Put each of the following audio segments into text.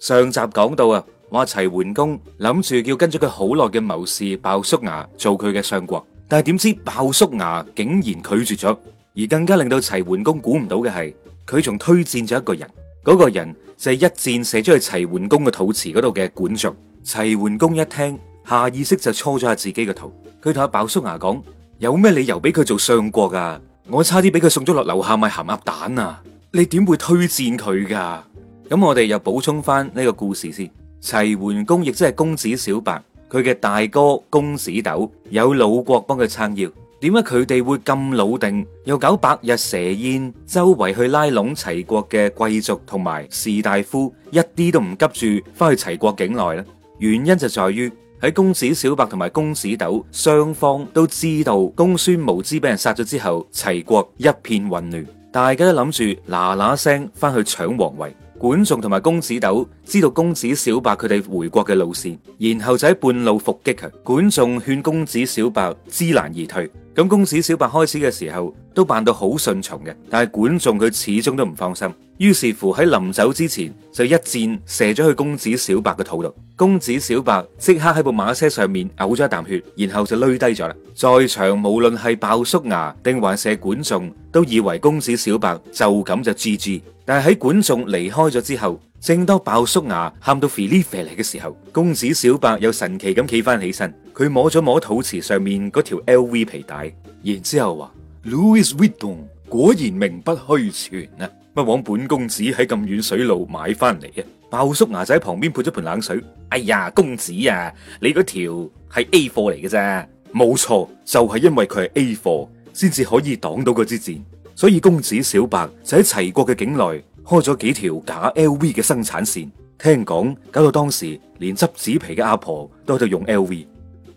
上集講到啊，話齊桓公諗住叫跟咗佢好耐嘅謀士鮑叔牙做佢嘅相國，但係點知鮑叔牙竟然拒絕咗，而更加令到齊桓公估唔到嘅係，佢仲推薦咗一個人，嗰個人就係一箭射咗去齊桓公嘅肚臍嗰度嘅管仲。齊桓公一聽，下意識就搓咗下自己嘅肚，佢同阿鮑叔牙講：有咩理由俾佢做相國噶？我差啲俾佢送咗落樓下賣鹹鴨蛋啊！你點會推薦佢噶？咁我哋又補充翻呢個故事先。齊桓公亦即係公子小白，佢嘅大哥公子糾有魯國幫佢撐腰。點解佢哋會咁老定，又搞白日蛇宴，周圍去拉攏齊國嘅貴族同埋士大夫，一啲都唔急住翻去齊國境內咧？原因就在於喺公子小白同埋公子糾雙方都知道，公孫無知俾人殺咗之後，齊國一片混亂，大家都諗住嗱嗱聲翻去搶皇位。管仲同埋公子斗知道公子小白佢哋回國嘅路線，然後就喺半路伏擊佢。管仲勸公子小白知難而退，咁公子小白開始嘅時候都扮到好順從嘅，但係管仲佢始終都唔放心，於是乎喺臨走之前就一箭射咗去公子小白嘅肚度。公子小白即刻喺部馬車上面嘔咗一啖血，然後就累低咗啦。在場無論係鮑叔牙定還是管仲，都以為公子小白就咁就 GG。但係喺管仲離開咗之後，正當鮑叔牙喊到肥 e e l 嚟嘅時候，公子小白又神奇咁企翻起身。佢摸咗摸肚臍上面嗰條 L V 皮帶，然之後話 Louis Vuitton 果然名不虛傳啊！乜枉本公子喺咁遠水路買翻嚟啊？鮑叔牙就喺旁邊潑咗盆冷水。哎呀，公子啊，你嗰條係 A 貨嚟嘅啫，冇錯，就係、是、因為佢係 A 貨，先至可以擋到嗰支箭。所以公子小白就喺齊國嘅境內開咗幾條假 LV 嘅生產線，聽講搞到當時連執紙皮嘅阿婆都喺度用 LV。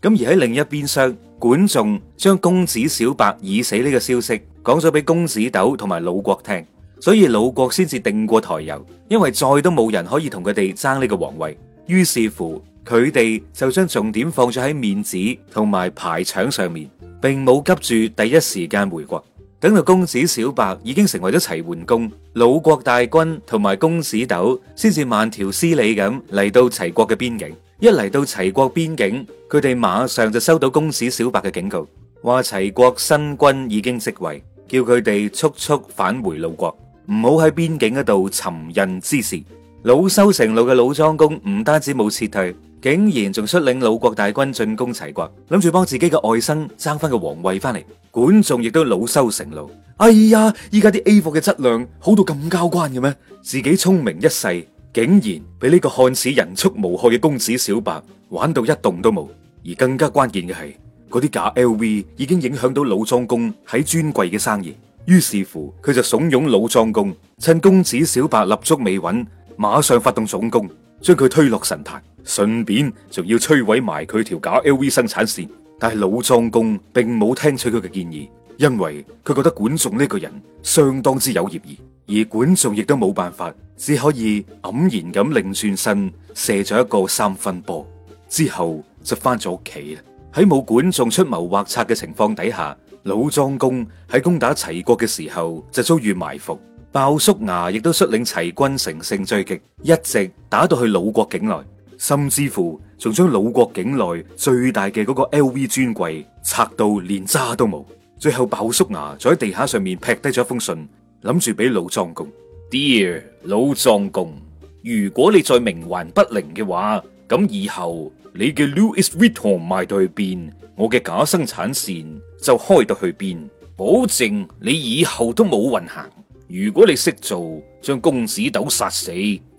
咁而喺另一邊廂，管仲將公子小白已死呢個消息講咗俾公子鬥同埋魯國聽，所以魯國先至定過抬油，因為再都冇人可以同佢哋爭呢個皇位。於是乎，佢哋就將重點放咗喺面子同埋排場上面，並冇急住第一時間回國。等到公子小白已經成為咗齊桓公，魯國大軍同埋公子斗，先至慢條斯理咁嚟到齊國嘅邊境。一嚟到齊國邊境，佢哋馬上就收到公子小白嘅警告，話齊國新君已經即位，叫佢哋速速返回魯國，唔好喺邊境嗰度尋釁滋事。老羞成怒嘅魯莊公唔單止冇撤退，竟然仲率領魯國大軍進攻齊國，諗住幫自己嘅外甥爭翻個皇位翻嚟。管仲亦都惱羞成怒。哎呀，依家啲 A 貨嘅質量好到咁交關嘅咩？自己聰明一世，竟然俾呢個看似人畜無害嘅公子小白玩到一戙都冇。而更加關鍵嘅係，嗰啲假 LV 已經影響到魯莊公喺專櫃嘅生意。於是乎，佢就慫恿魯莊公趁公子小白立足未穩，馬上發動總攻。將佢推落神壇，順便仲要摧毀埋佢條假 LV 生產線。但係老莊公並冇聽取佢嘅建議，因為佢覺得管仲呢個人相當之有嫌疑，而管仲亦都冇辦法，只可以黯然咁擰轉身，射咗一個三分波，之後就翻咗屋企啦。喺冇管仲出謀劃策嘅情況底下，老莊公喺攻打齊國嘅時候就遭遇埋伏。鮑叔牙亦都率領齊軍乘勝追擊，一直打到去魯國境內，甚至乎仲將魯國境內最大嘅嗰個 LV 專櫃拆到連渣都冇。最後鮑叔牙在地下上面劈低咗一封信，諗住俾魯莊公。Dear 魯莊公，如果你再冥頑不靈嘅話，咁以後你嘅 Louis Vuitton 賣到去邊，我嘅假生產線就開到去邊，保證你以後都冇運行。如果你識做，將公子斗殺死，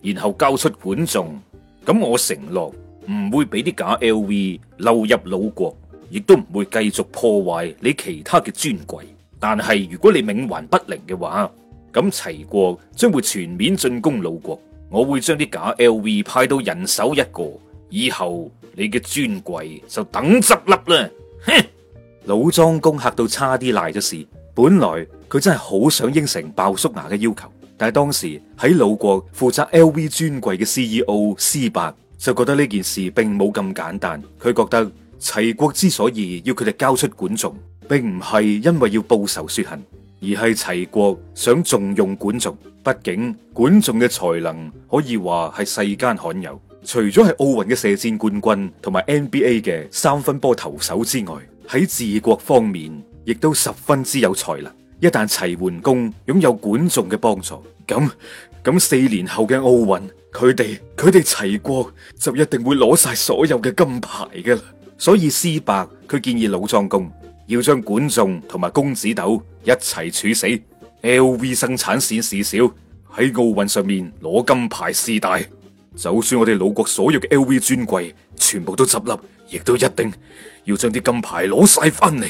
然後交出管仲，咁我承諾唔會俾啲假 LV 流入魯國，亦都唔會繼續破壞你其他嘅專櫃。但係如果你冥頑不靈嘅話，咁齊國將會全面進攻魯國，我會將啲假 LV 派到人手一個，以後你嘅專櫃就等執笠啦。哼！魯莊公嚇到差啲賴咗事，本來。佢真係好想應承鮑叔牙嘅要求，但係當時喺魯國負責 LV 專櫃嘅 CEO 施伯就覺得呢件事並冇咁簡單。佢覺得齊國之所以要佢哋交出管仲，並唔係因為要報仇雪恨，而係齊國想重用管仲。畢竟管仲嘅才能可以話係世間罕有，除咗係奧運嘅射箭冠軍同埋 NBA 嘅三分波投手之外，喺治國方面亦都十分之有才能。一旦齊桓公擁有管仲嘅幫助，咁咁四年後嘅奧運，佢哋佢哋齊國就一定會攞晒所有嘅金牌噶啦。所以，施伯佢建議老莊公要將管仲同埋公子斗一齊處死。LV 生產線事小，喺奧運上面攞金牌事大。就算我哋魯國所有嘅 LV 專櫃全部都執笠，亦都一定要將啲金牌攞晒翻嚟。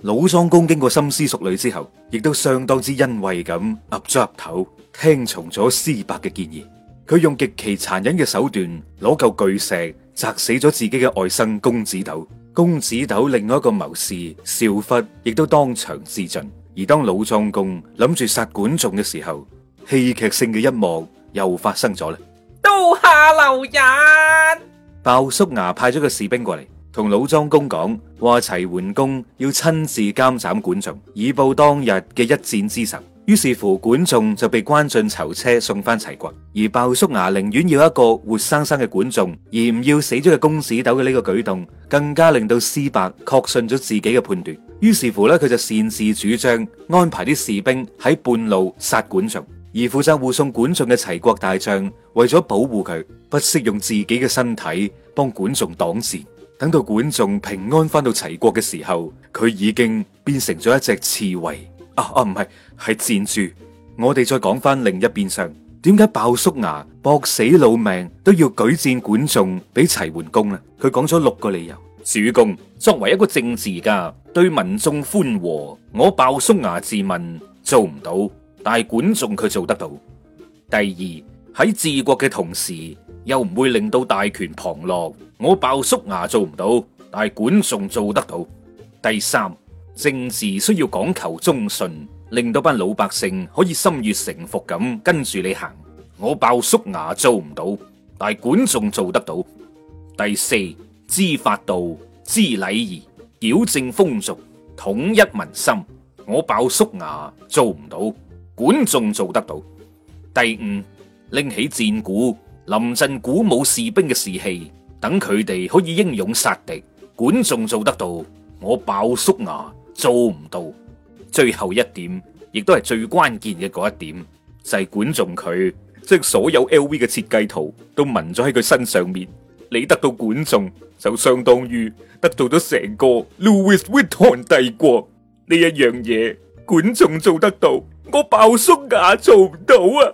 魯莊公經過深思熟慮之後，亦都相當之欣慰咁岌咗岌頭，聽從咗施伯嘅建議。佢用極其殘忍嘅手段攞嚿巨石砸死咗自己嘅外甥公子斗。公子斗另外一個謀士少忽亦都當場自盡。而當魯莊公諗住殺管仲嘅時候，戲劇性嘅一幕又發生咗咧。刀下留人，鮑叔牙派咗個士兵過嚟。同老莊公講話，齊桓公要親自監斬管仲，以報當日嘅一箭之仇。於是乎，管仲就被關進囚車送翻齊國。而鮑叔牙寧願要一個活生生嘅管仲，而唔要死咗嘅公子糾嘅呢個舉動，更加令到施伯確信咗自己嘅判斷。於是乎呢，佢就擅自主張安排啲士兵喺半路殺管仲，而負責護送管仲嘅齊國大將為咗保護佢，不惜用自己嘅身體幫管仲擋箭。等到管仲平安翻到齊國嘅時候，佢已經變成咗一隻刺蝟啊！啊，唔係，係箭豬。我哋再講翻另一邊上，點解鮑叔牙搏死老命都要舉薦管仲俾齊桓公呢？佢講咗六個理由。主公作為一個政治家，對民眾寬和，我鮑叔牙自問做唔到，但係管仲佢做得到。第二喺治國嘅同時。又唔會令到大權旁落，我鮑叔牙做唔到，但係管仲做得到。第三，政治需要講求忠信，令到班老百姓可以心悦誠服咁跟住你行，我鮑叔牙做唔到，但係管仲做得到。第四，知法度、知禮儀、矯正風俗、統一民心，我鮑叔牙做唔到，管仲做得到。第五，拎起戰鼓，臨陣鼓舞士兵嘅士氣，等佢哋可以英勇殺敵。管仲做得到，我鮑叔牙做唔到。最後一點，亦都係最關鍵嘅嗰一點，就係管仲佢將所有 LV 嘅設計圖都紋咗喺佢身上面。你得到管仲，就相當於得到咗成個 Louis Vuitton 帝國呢一樣嘢。管仲做得到，我鮑叔牙做唔到啊！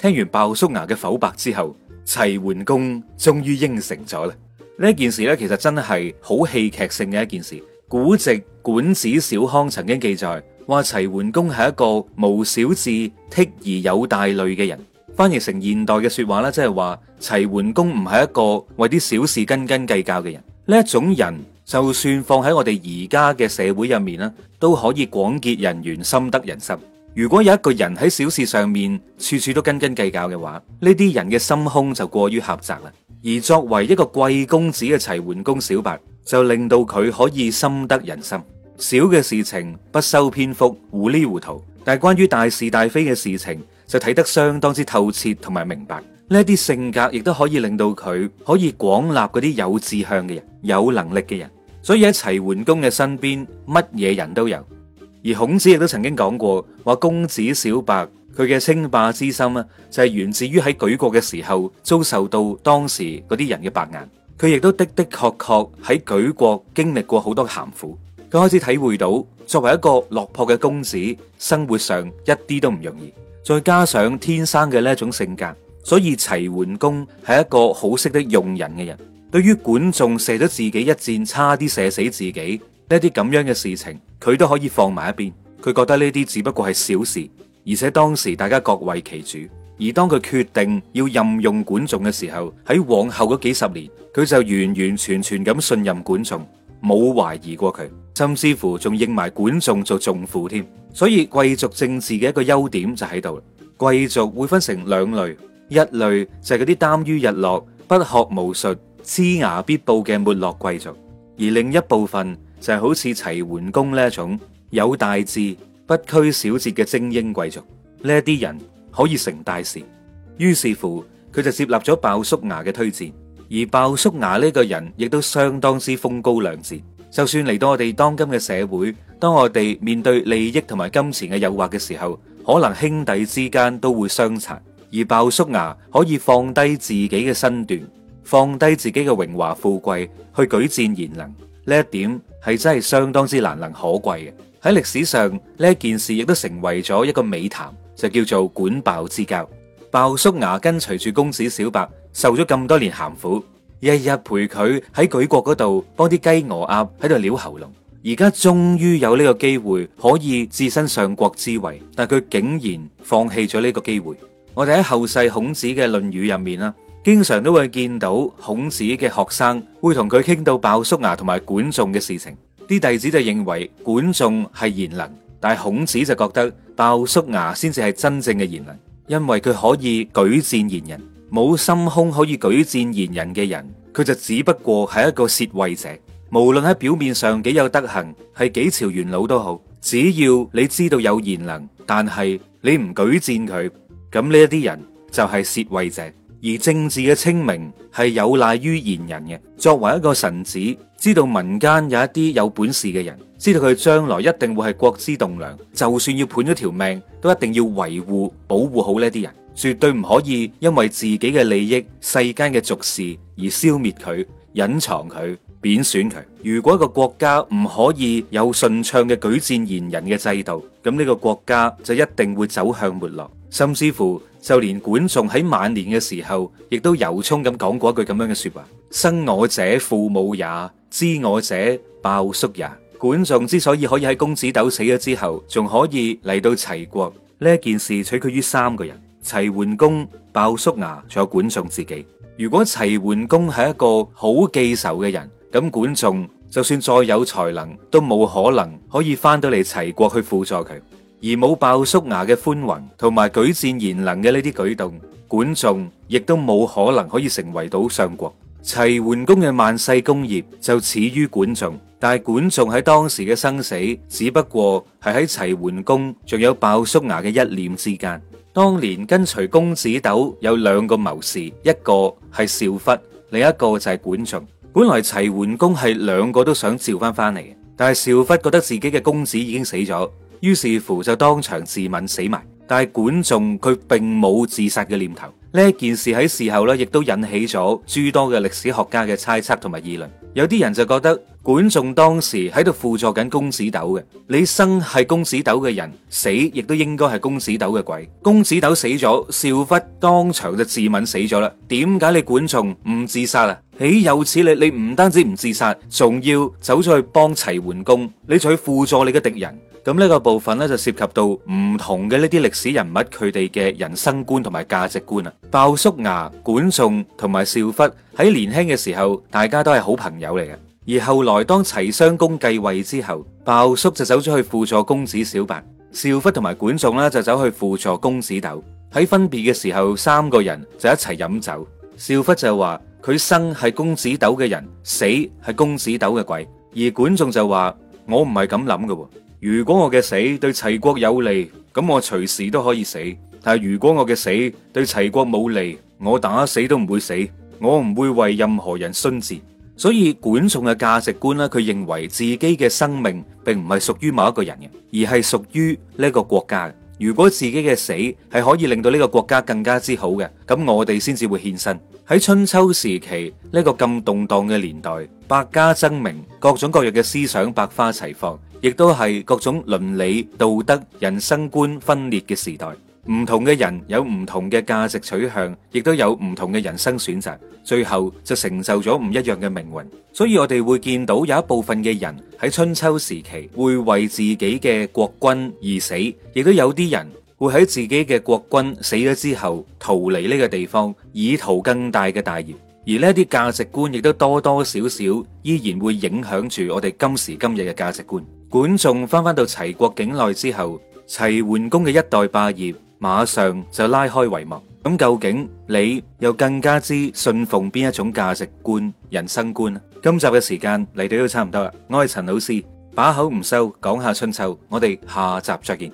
聽完鮑叔牙嘅否白之後。齊桓公終於應承咗啦！呢件事呢，其實真係好戲劇性嘅一件事。古籍《管子·小康》曾經記載，話齊桓公係一個無小智，剔而有大類嘅人。翻譯成現代嘅說話呢，即係話齊桓公唔係一個為啲小事斤斤計較嘅人。呢一種人，就算放喺我哋而家嘅社會入面啦，都可以廣結人緣，深得人心。如果有一個人喺小事上面，處處都斤斤計較嘅話，呢啲人嘅心胸就過於狹窄啦。而作為一個貴公子嘅齊桓公小白，就令到佢可以深得人心。小嘅事情不修邊幅，糊裡糊塗，但係關於大是大非嘅事情，就睇得相當之透徹同埋明白。呢啲性格亦都可以令到佢可以廣納嗰啲有志向嘅人、有能力嘅人。所以喺齊桓公嘅身邊，乜嘢人都有。而孔子亦都曾經講過，話公子小白佢嘅稱霸之心呢就係、是、源自於喺舉國嘅時候遭受到當時嗰啲人嘅白眼，佢亦都的的確確喺舉國經歷過好多咸苦，佢開始體會到作為一個落魄嘅公子，生活上一啲都唔容易。再加上天生嘅呢一種性格，所以齊桓公係一個好識得用人嘅人。對於管仲射咗自己一箭，差啲射死自己呢啲咁樣嘅事情。佢都可以放埋一邊，佢覺得呢啲只不過係小事，而且當時大家各為其主。而當佢決定要任用管仲嘅時候，喺往後嗰幾十年，佢就完完全全咁信任管仲，冇懷疑過佢，甚至乎仲認埋管仲做仲父添。所以貴族政治嘅一個優點就喺度啦，貴族會分成兩類，一類就係嗰啲耽於日落、不學無術、枝牙必報嘅沒落貴族，而另一部分。就係好似齊桓公呢一種有大志、不拘小節嘅精英貴族，呢啲人可以成大事。於是乎佢就接納咗鮑叔牙嘅推薦，而鮑叔牙呢個人亦都相當之風高亮節。就算嚟到我哋當今嘅社會，當我哋面對利益同埋金錢嘅誘惑嘅時候，可能兄弟之間都會相殘。而鮑叔牙可以放低自己嘅身段，放低自己嘅榮華富貴去舉薦賢能呢一點，係真係相當之難能可貴嘅。喺歷史上呢一件事亦都成為咗一個美談，就叫做管鮑之交。鮑叔牙跟隨住公子小白，受咗咁多年鹹苦，日日陪佢喺舉國嗰度幫啲雞鵝鴨喺度撩喉嚨。而家終於有呢個機會可以置身上國之位，但佢竟然放棄咗呢個機會。我哋喺後世孔子嘅《論語》入面啦。經常都會見到孔子嘅學生會同佢傾到鮑叔牙同埋管仲嘅事情。啲弟子就認為管仲係賢能，但係孔子就覺得鮑叔牙先至係真正嘅賢能，因為佢可以舉薦賢人，冇心胸可以舉薦賢人嘅人，佢就只不過係一個竊位者。無論喺表面上幾有德行，係幾朝元老都好，只要你知道有賢能，但係你唔舉薦佢，咁呢一啲人就係竊位者。而政治嘅清明係有賴於賢人嘅。作為一個臣子，知道民間有一啲有本事嘅人，知道佢將來一定會係國之棟樑，就算要判咗條命，都一定要維護、保護好呢啲人，絕對唔可以因為自己嘅利益、世間嘅俗事而消滅佢、隱藏佢、貶損佢。如果一個國家唔可以有順暢嘅舉薦賢人嘅制度，咁呢個國家就一定會走向沒落。甚至乎，就連管仲喺晚年嘅時候，亦都由衷咁講過一句咁樣嘅說話：「生我者父母也，知我者鮑叔也。」管仲之所以可以喺公子糾死咗之後，仲可以嚟到齊國呢件事，取決於三個人：齊桓公、鮑叔牙，仲有管仲自己。如果齊桓公係一個好記仇嘅人，咁管仲就算再有才能，都冇可能可以翻到嚟齊國去輔助佢。而冇鮑叔牙嘅寬宏同埋舉薦賢能嘅呢啲舉動，管仲亦都冇可能可以成為到相國。齊桓公嘅萬世功業就始於管仲，但係管仲喺當時嘅生死只不過係喺齊桓公仲有鮑叔牙嘅一念之間。當年跟隨公子斗有兩個謀士，一個係少忽，另一個就係管仲。本來齊桓公係兩個都想召翻翻嚟嘅，但係少忽覺得自己嘅公子已經死咗。於是乎就當場自刎死埋，但係管仲佢並冇自殺嘅念頭。呢一件事喺事後咧，亦都引起咗諸多嘅歷史學家嘅猜測同埋議論。有啲人就覺得管仲當時喺度輔助緊公子斗嘅，你生係公子斗嘅人，死亦都應該係公子斗嘅鬼。公子斗死咗，少忽當場就自刎死咗啦。點解你管仲唔自殺啊？豈有此理，你你唔單止唔自殺，仲要走咗去幫齊桓公，你就去輔助你嘅敵人。咁呢個部分咧，就涉及到唔同嘅呢啲歷史人物佢哋嘅人生觀同埋價值觀啊。鮑叔牙、管仲同埋召忽喺年輕嘅時候，大家都係好朋友嚟嘅。而後來當齊襄公繼位之後，鮑叔就走咗去輔助公子小白，召忽同埋管仲呢，就走去輔助公子糾。喺分別嘅時候，三個人就一齊飲酒。召忽就話佢生係公子糾嘅人，死係公子糾嘅鬼；而管仲就話我唔係咁諗噶。如果我嘅死對齊國有利，咁我隨時都可以死；但係如果我嘅死對齊國冇利，我打死都唔會死，我唔會為任何人殉節。所以管仲嘅價值觀咧，佢認為自己嘅生命並唔係屬於某一個人嘅，而係屬於呢個國家。如果自己嘅死係可以令到呢個國家更加之好嘅，咁我哋先至會獻身。喺春秋時期呢個咁動盪嘅年代，百家爭鳴，各種各樣嘅思想百花齊放，亦都係各種倫理道德、人生觀分裂嘅時代。唔同嘅人有唔同嘅價值取向，亦都有唔同嘅人生選擇，最後就成就咗唔一樣嘅命運。所以我哋會見到有一部分嘅人喺春秋時期會為自己嘅國君而死，亦都有啲人，會喺自己嘅國君死咗之後逃離呢個地方，以圖更大嘅大業。而呢一啲價值觀亦都多多少少依然會影響住我哋今時今日嘅價值觀。管仲翻返到齊國境內之後，齊桓公嘅一代霸業馬上就拉開帷幕。咁究竟你又更加之信奉邊一種價值觀、人生觀呢？今集嘅時間嚟到都差唔多啦，我係陳老師，把口唔收，講下春秋，我哋下集再見。